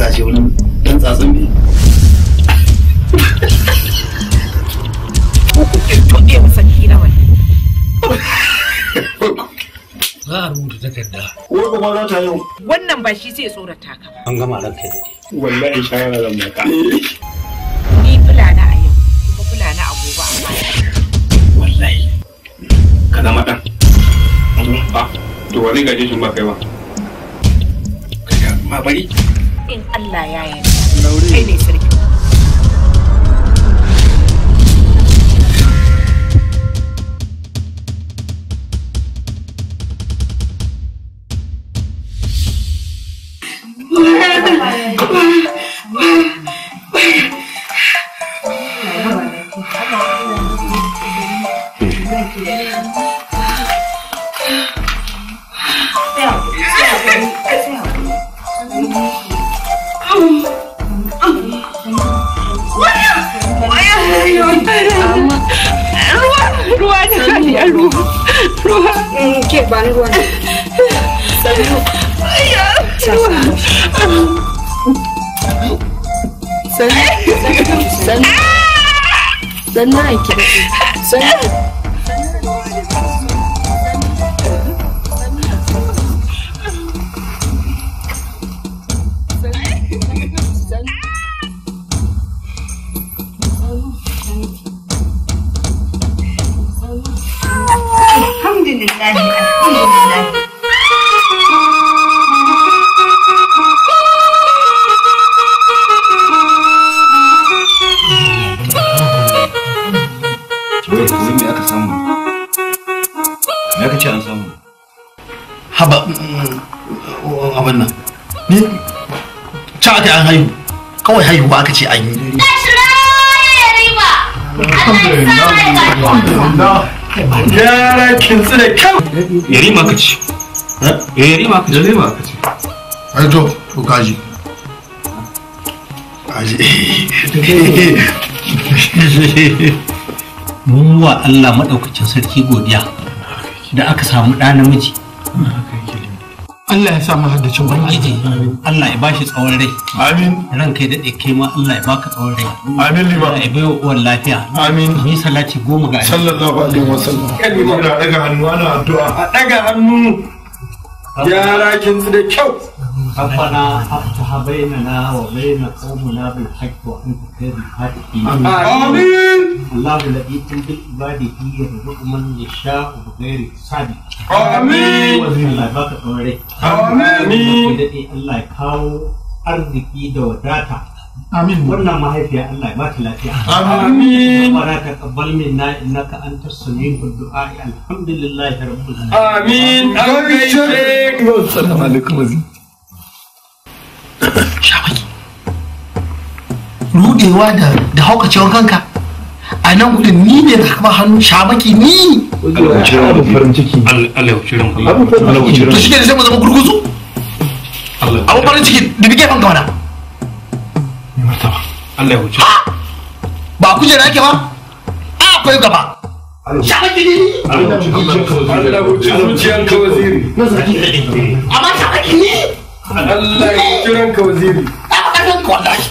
Ka shi wurin dan tsatsun ne za a rubuta takarda. Wai kuma za ta yau. Wannan ba shi zai tsorata ka An gama ranka da ni. Wallahi shawara zan baka. Ni fulana a yau kuma fulana a gobe amma. Wallahi. Ka zama ɗan. Ba. To wani gaje shi ba kai ba. Ka ma bari. in Allah ya yi kai ne sarki Sen sen ah! sen nereye Sen ce an haihu kawai haihuwa aka ce an yi yara da kyau yari ma ka ci eh, yari ma ka ci yari ma ka ci ai to kaji kaji mun wa Allah maɗaukacin sarki godiya da aka samu ɗa namiji Allah ya samu haddacin ubangiji Allah ya bashi tsawon rai amin ran kai dade kai ma Allah ya baka tsawon rai amin liba ya bai wa uwar lafiya amin ni salati goma ga sallallahu alaihi wasallam kai liba da daga hannu ana addu'a a daga hannu Ya rakin su da kyau ربنا افتح بيننا وبين قومنا بالحق وانت خير الفاتحين Amin. الله الذي تنزل عباده فيه يرزق من يشاء بغير حساب امين الله يبارك اوري امين الله يكاو arziki da wadata amin wannan mahaifiya Allah ya ba ta lafiya amin wa ta taqabbal minna innaka antas samiul du'a alhamdulillahi rabbil alamin amin assalamu alaikum rudewa da da haukacewar kanka a nan gudun ni ne na kama hannu shamaki ni ciki to shi ne sai mu zama gurguzu abu farin ciki da gefen gaba Allah ya ba ku jira yake ba a akwai gaba shamaki ni Allah ya ka waziri eh. amma shamaki ni Allah ya wuce ranka waziri a ƙarfin kwallashi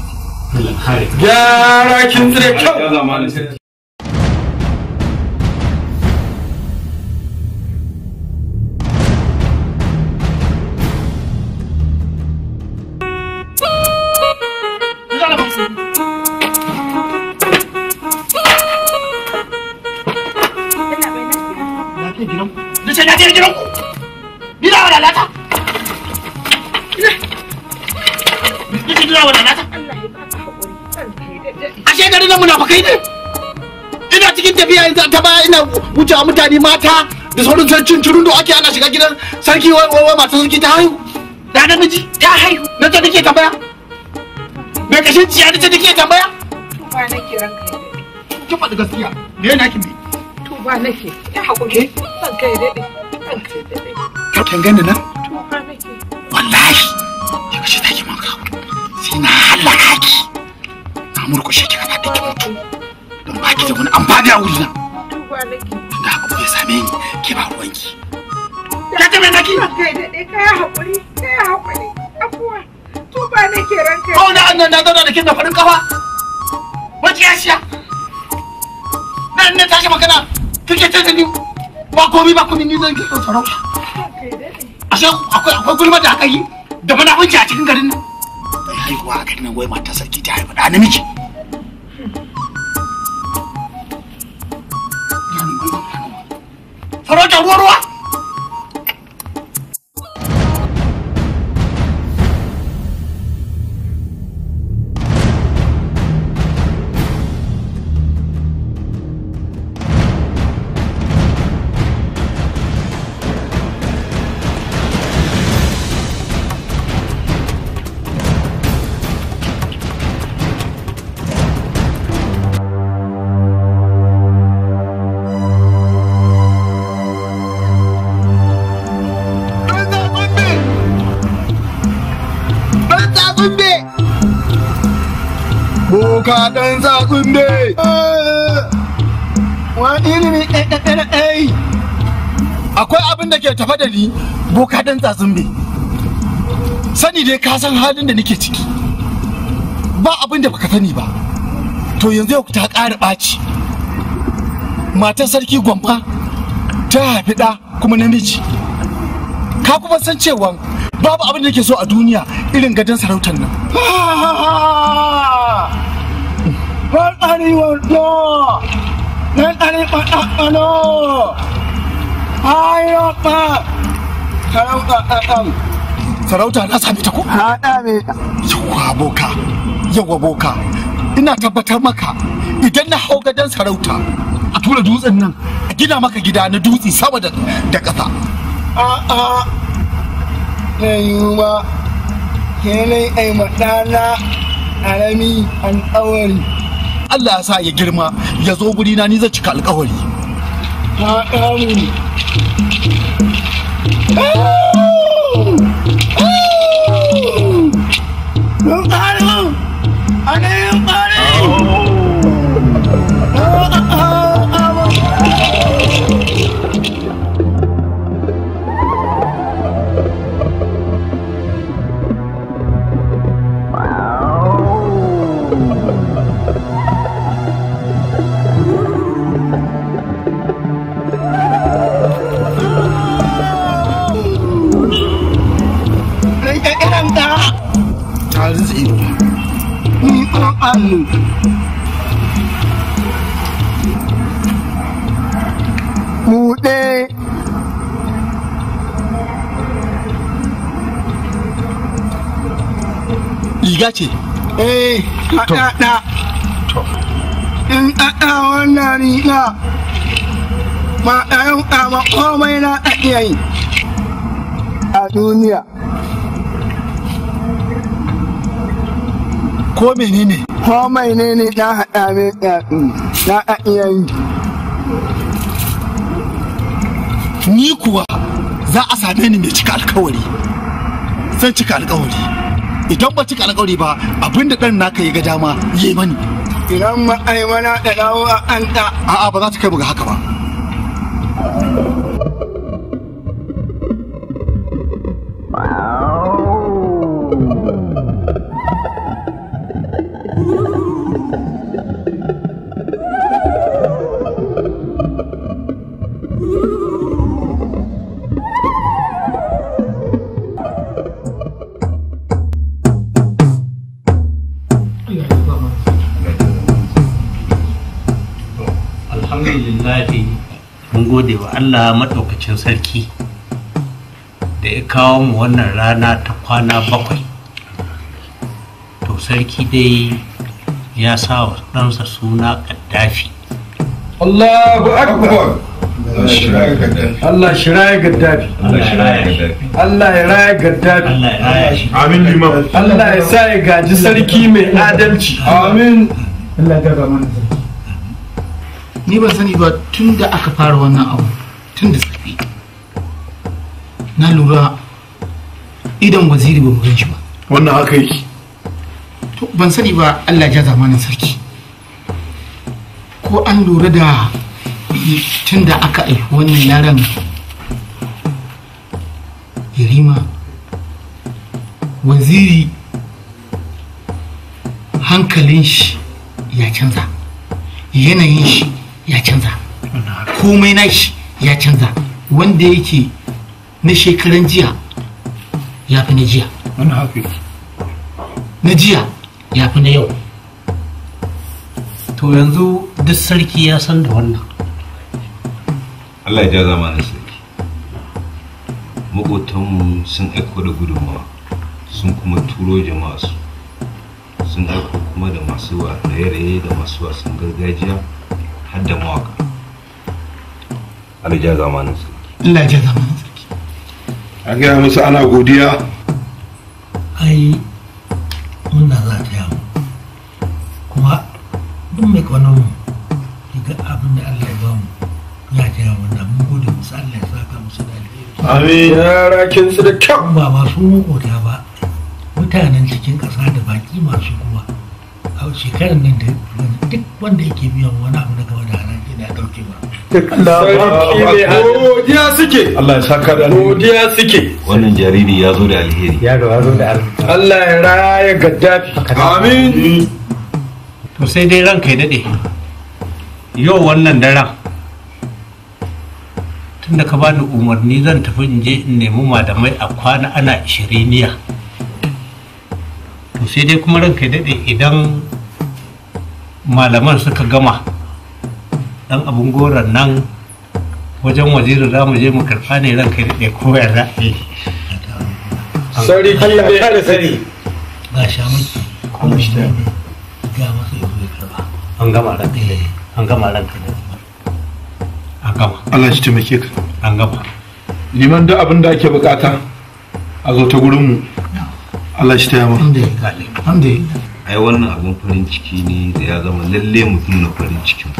gyara kin tsire kyau waɗannan munafukai ne ina cikin tafiya ta baya ina wucewa mutane mata da sauran sarkin cirun da ake ana shiga gidan sarki wai wai mata sarki ta haihu da miji ta haihu na ta nake tambaya me kashin ciya na ta nake tambaya to ba nake ranka ki faɗi gaskiya me yana ki me ba nake ya hakuri kan kai dade kan kai dade kan gani wallahi ki kashi take man ka sai na halaka ki na murkushe ki gaba ɗaya don ba ki da wani amfani a wurina da haka ba same ni k'i ba ruwanki ya ta mai naki ko na annan na zauna da kin da farin kafa wace ya shiya nan ne tashi magana kike ta da ni ba komi ba komi ni zan ki akwai gulma da aka yi da munafunci a cikin garin nan haihuwa a garin nan wai mata sarki ta haifa da namiji farautar ruwa ruwa sauka ɗan tsatsun eh, ne. Wani ne ɗaiɗaiɗaiɗai. Akwai abin da ke tafa da ni boka ɗan tsatsun Sani dai ka san halin da nake ciki. Ba abin da baka sani ba. To yanzu yau ta ƙara ɓaci. Matar sarki gwamfa ta haifi ɗa kuma namiji. Ka kuma san cewa babu abin da ke so a duniya irin gadon sarautar nan. arewan law nan ɗari ayo pa sarauta ɗaɗam sarauta na sami ta ko? na ɗame yawa boka yawa boka ina tabbatar maka idan na hau gadon sarauta a tura dutsen nan a gina maka gida na dutse sama da kasa a a yiwuwa kenan ai matana ƙarami an tsawari. Allah ya sa ya girma ya zo guri na ni zai cika alkawari Oh, ya ce a duniya ko ne. komai ne ne na haɗa min mm, ɗaɗi na ɗaɗiya yi ni kuwa za a same ni mai cika alkawari zan cika alkawari idan ba cika alƙawari ba abin da ɗan naka ya ga dama yi mani idan ma'aimana da dawo an ta a'a ba za ta kai mu ga haka ba alhamdulillahi mun gode wa allah maɗaukacin sarki da ya kawo mu wannan rana ta kwana bakwai to sarki dai ya sa wa ɗansa suna ƙaddafi allahu akbar Allah shi raya gaddafi. Allah ya raya gaddafi. Amin limam Allah ya sa ya gaji sarki mai adalci. Amin. Allah ya gaba mana ni ban sani ba tun da aka fara wannan abu tun da safe na lura idan waziri ba mu shi ba wannan haka yi to ban sani ba allah ja zamanin sarki ko an lura da tun da aka aiki wannan yaran yarima waziri hankalin shi ya canza yanayin shi ya canza komai nashi ya canza wanda yake na shekaran jiya ya fi na jiya na jiya ya fi na yau to yanzu duk sarki ya san da wannan Allah ya ja zamanin sarki maƙotanmu sun aiko da gudunmawa sun kuma turo jama'a su sun aiko kuma da masu raye-raye da masu wasan gargajiya har da mawaka alija zamanin sarki Allah ja zamanin sarki a gaya musu ana godiya ai muna za ta yamu, kuma duk mai kwanan mu daga abin da Allah ya ba mu ya ta yawo da mun gode musu Allah ya saka musu da alheri amin yara rakin su da kyau ba masu mu godiya ba mutanen cikin ƙasa da baki masu kuma a shekarar nan da duk wanda yake biyan wani abu na gaba da haraji da dauke ba godiya suke Allah ya saka da godiya suke wannan jariri ya zo da alheri ya ga zo da alheri Allah ya raya gaddafi amin to sai dai ranka ya dade yau wannan daren tunda ka bani umarni zan tafi in je in nemi malamai a kwana ana ishiriniya to sai dai kuma ranka daɗe idan malaman suka gama dan abun goron nan wajen wazirin za mu je mu karfa ne ran kai da koyar da a yi sauri ki da ya da sani ga shamaki kuma shi ne ga masa ya zo karba an gama ran kai eh. an gama ran kai an gama Allah shi taimake ka an gama liman duk abin da ake bukata a zo ta gurin mu Allah shi ta yama alhamdulillah alhamdulillah ai wannan abin farin ciki ne da ya zama lalle mu nuna farin cikin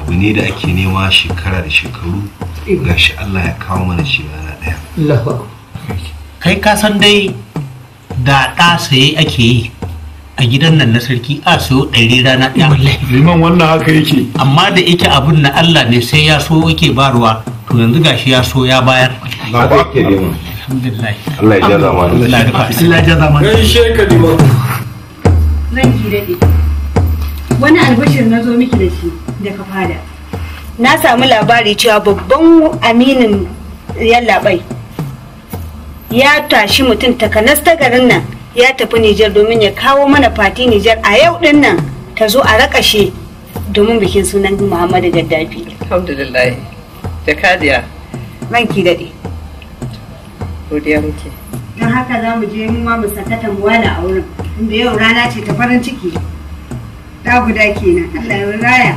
abu ne da ake nema shekara da shekaru gashi Allah ya kawo mana shi rana daya kai ka san dai da ɗa saye ake yi a gidan nan na sarki a sayo ɗari rana ɗaya liman wannan haka yake amma da yake abin na Allah ne sai ya so yake barwa to yanzu gashi ya so ya bayar Allah ya jaza mana Allah ya jaza mana ranki daɗe wani albashir na zo miki da shi daga fada na samu labari cewa babban aminin yallaɓai ya tashi mutum takanas ta garin nan ya tafi Nijar domin ya kawo mana fati Nijar a yau ɗin nan ta zo a rakashe domin bikin sunan Muhammadu Gaddafi. Alhamdulillah. Jakadiya. Ranki daɗe. Godiya muke. Don haka za mu je mu ma mu sakata mu wala a wurin. inda yau rana ce ta farin ciki ta guda kenan Allah ya raya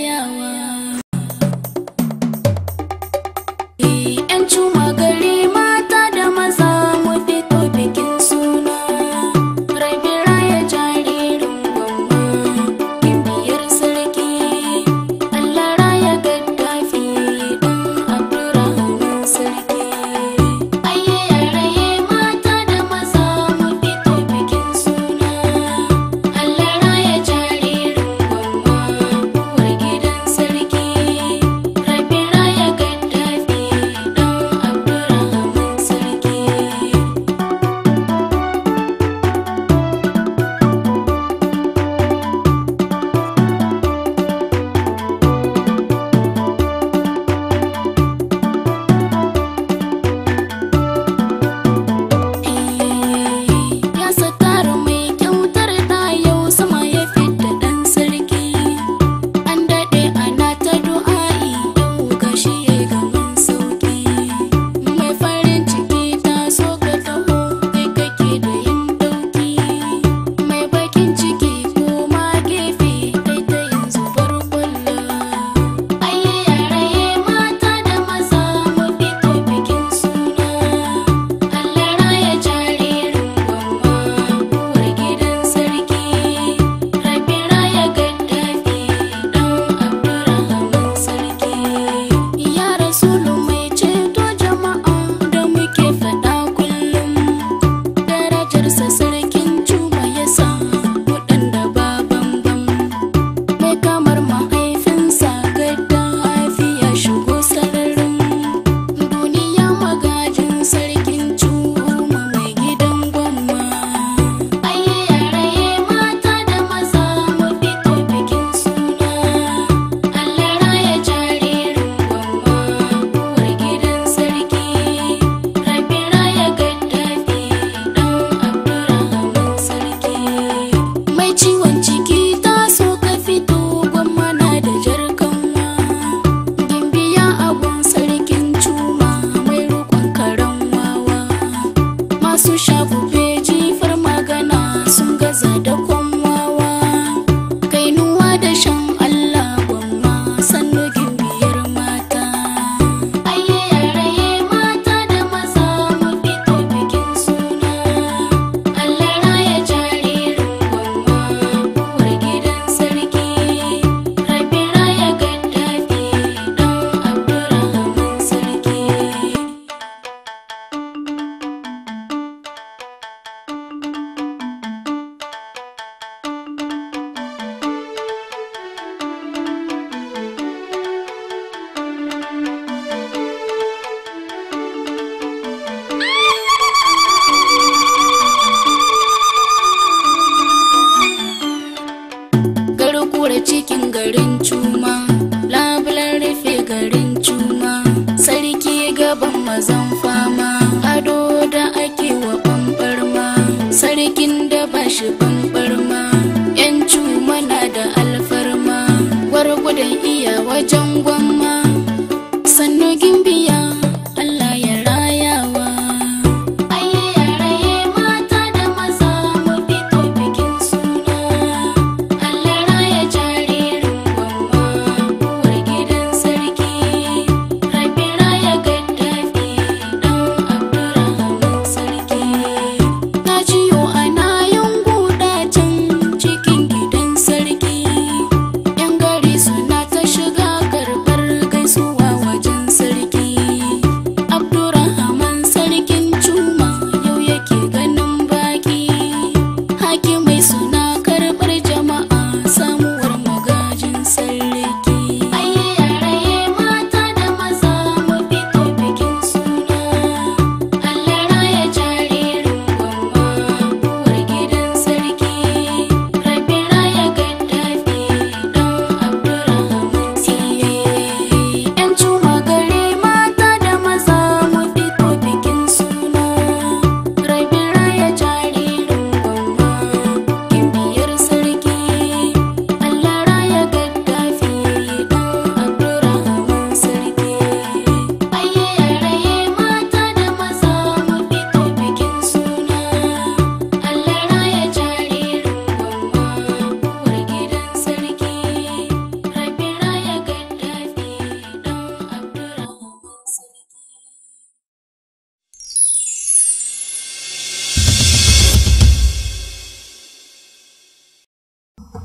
ở trong quăng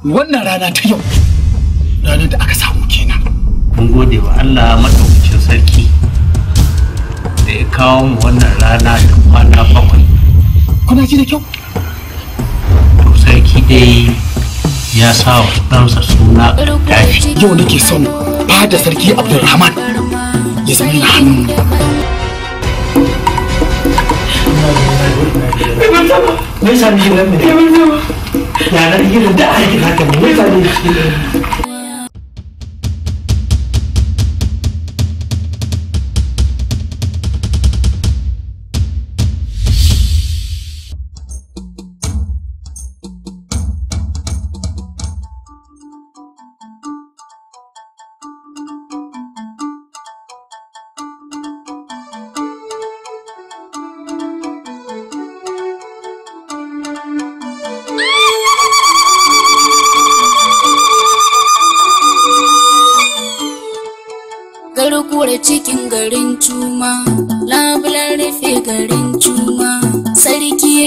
wannan rana ta yau ranar da aka samu kenan mun gode wa Allah madaukakin sarki da ya kawo mu wannan rana da kwana bakwai kuna ji da kyau to sarki dai ya sa wa ɗansa suna dafi yau nake son da sarki abdulrahman ya zama na hannun Me sami shi nan ne? 原来你就怎么爷，你大爷！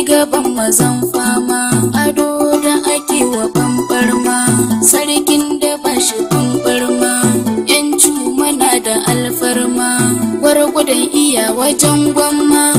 gaban mazan fama ado da ake wa bambarma sarkin da ba shi bambarma yan mana da alfarma gwargwadon iya wajen gwamma